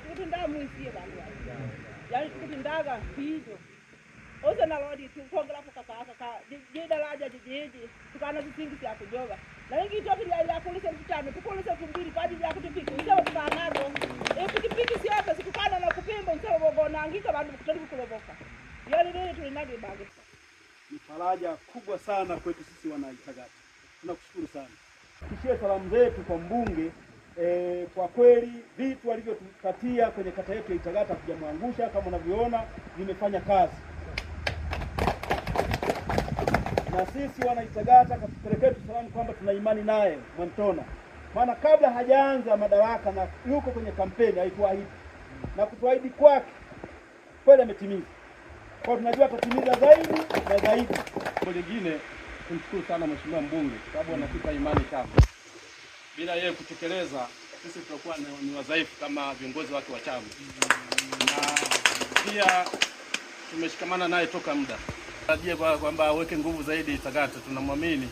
tikutindaya muiziye vandu yani tikutindaga vijo ose nalodi tikukongelapo kakaka jidalaja jijiji tukana visingi syakujova naingitokilyakulise vitano tukulise kumbili kwaajili ya kutipiki msewo tukanazo e, ikutipiki syope situkana na kupimba msewo vogonangika vandu kutali kukulovoka yoli bage ni faraja kubwa sana kwetu sisi wanaitagata tunakushukuru sana tishie salamu zetu kwa mbunge E, kwa kweli vitu walivyotupatia kwenye kata yetu ya Itagata kujamwangusha kama unavyoona vimefanya kazi, na sisi wana Itagata katupelekee tu salamu kwamba tuna imani naye Mwantona, maana kabla hajaanza madaraka na yuko kwenye kampeni alituahidi na kutuahidi kwake kweli ametimiza, kwa tunajua atatimiza zaidi na zaidi. Kwa lingine, tumshukuru sana mheshimiwa mbunge sababu anatupa imani kavu bila yeye kutekeleza, sisi tutakuwa ni wadhaifu kama viongozi wake wa chama, na pia tumeshikamana naye toka muda tarajia kwamba aweke nguvu zaidi Itagata. Tunamwamini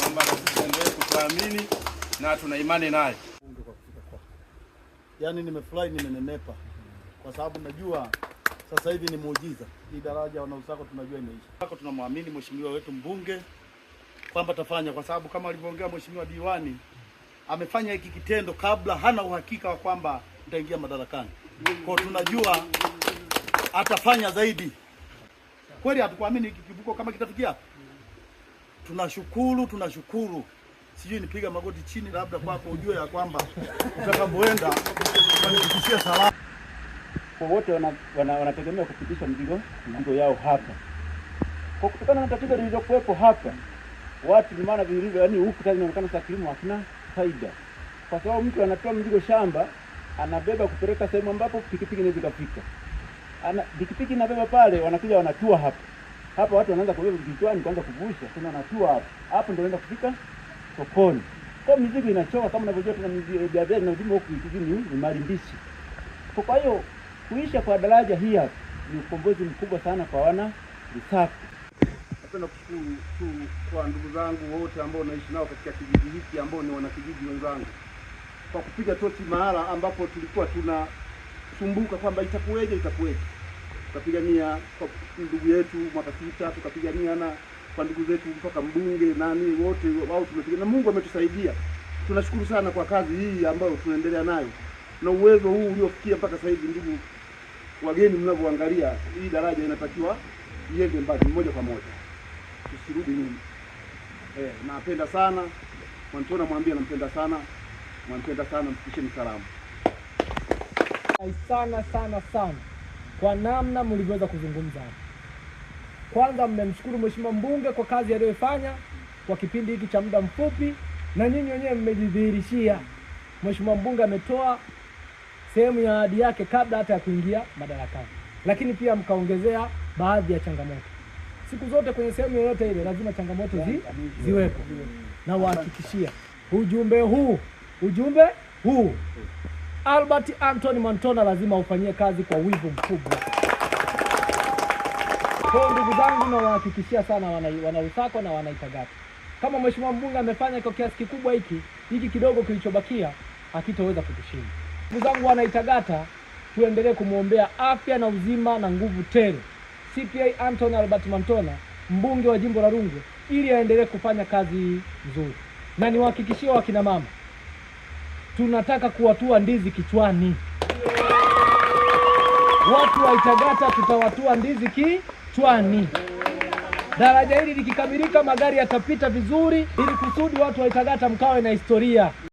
kwamba endelee kutuamini na tuna imani naye. Yaani nimefurahi, nimenenepa kwa sababu najua sasa hivi ni muujiza. Ni daraja wanausako tunajua imeisha. Tunamwamini mheshimiwa wetu mbunge kwamba tafanya, kwa sababu kama alivyoongea mheshimiwa diwani amefanya hiki kitendo kabla hana uhakika wa kwamba nitaingia madarakani, kwa tunajua atafanya zaidi. Kweli hatukuamini hiki kivuko kama kitafikia. Tunashukuru, tunashukuru. Sijui nipiga magoti chini, labda kwako ujue ya kwamba utakapoenda utanifikishia salama. Kwa wote wanategemea wana, wana kupitisha mzigo mzigo yao hapa, kwa kutokana na tatizo lililokuwepo hapa watu ni maana vilivyo, yani huku sasa inaonekana sasa kilimo hakina faida, kwa sababu mtu anatoa mzigo shamba anabeba kupeleka sehemu ambapo pikipiki inaweza kufika, ana pikipiki inabeba pale, wanakuja wanatua hapa hapa, watu wanaanza kubeba kichwani, kwanza kuvusha tena wanatua hapa hapo, ndio wanaenda kufika sokoni. Kwa mizigo inachoka, kama unavyojua tuna mizigo eh, biashara na mzigo huku kijijini ni mali mbichi. Kwa hiyo kuisha kwa daraja hii hapa ni ukombozi mkubwa sana kwa wana Lusaka napenda kushukuru tu kwa ndugu zangu wote ambao naishi nao katika kijiji hiki ambao ni wanakijiji wenzangu kwa kupiga tochi mahala ambapo tulikuwa tunasumbuka kwamba itakuweje itakuweje. Tukapigania kwa ndugu yetu mwaka sita, tukapigania na kwa ndugu zetu mpaka mbunge nani wote wao tumepiga na Mungu ametusaidia. Tunashukuru sana kwa kazi hii ambayo tunaendelea nayo na uwezo huu uliofikia mpaka sasa hivi. Ndugu wageni, mnavyoangalia hii daraja inatakiwa iende mbali moja kwa moja tusirudi nyuma. Eh, napenda sana Mwantona, mwambie nampenda sana, mwampenda sana, mfikisheni salamu sana sana sana kwa namna mlivyoweza kuzungumza hapa. Kwanza mmemshukuru mheshimiwa mbunge kwa kazi aliyoifanya kwa kipindi hiki cha muda mfupi, na nyinyi wenyewe mmejidhihirishia mheshimiwa mbunge ametoa sehemu ya ahadi yake kabla hata ya kuingia madarakani, lakini pia mkaongezea baadhi ya changamoto siku zote kwenye sehemu yoyote ile lazima changamoto zi, ziwepo. Na wahakikishia ujumbe huu ujumbe huu Albert Anthony Mantona lazima ufanyie kazi kwa wivu mkubwa. Kwa ndugu zangu, na sana wanausako wana na wanaitagata kama mheshimiwa mbunge amefanya kwa kiasi kikubwa hiki hiki kidogo kilichobakia akitoweza kutushinda. Ndugu zangu wanaitagata, tuendelee kumwombea afya na uzima na nguvu tele. CPA Anton Albert Mantona, mbunge wa jimbo la Rungwe, ili aendelee kufanya kazi nzuri, na niwahakikishie wakina mama, tunataka kuwatua ndizi kichwani. Watu wa Itagata tutawatua ndizi kichwani. Daraja hili likikamilika, magari yatapita vizuri, ili kusudi watu wa Itagata mkawe na historia.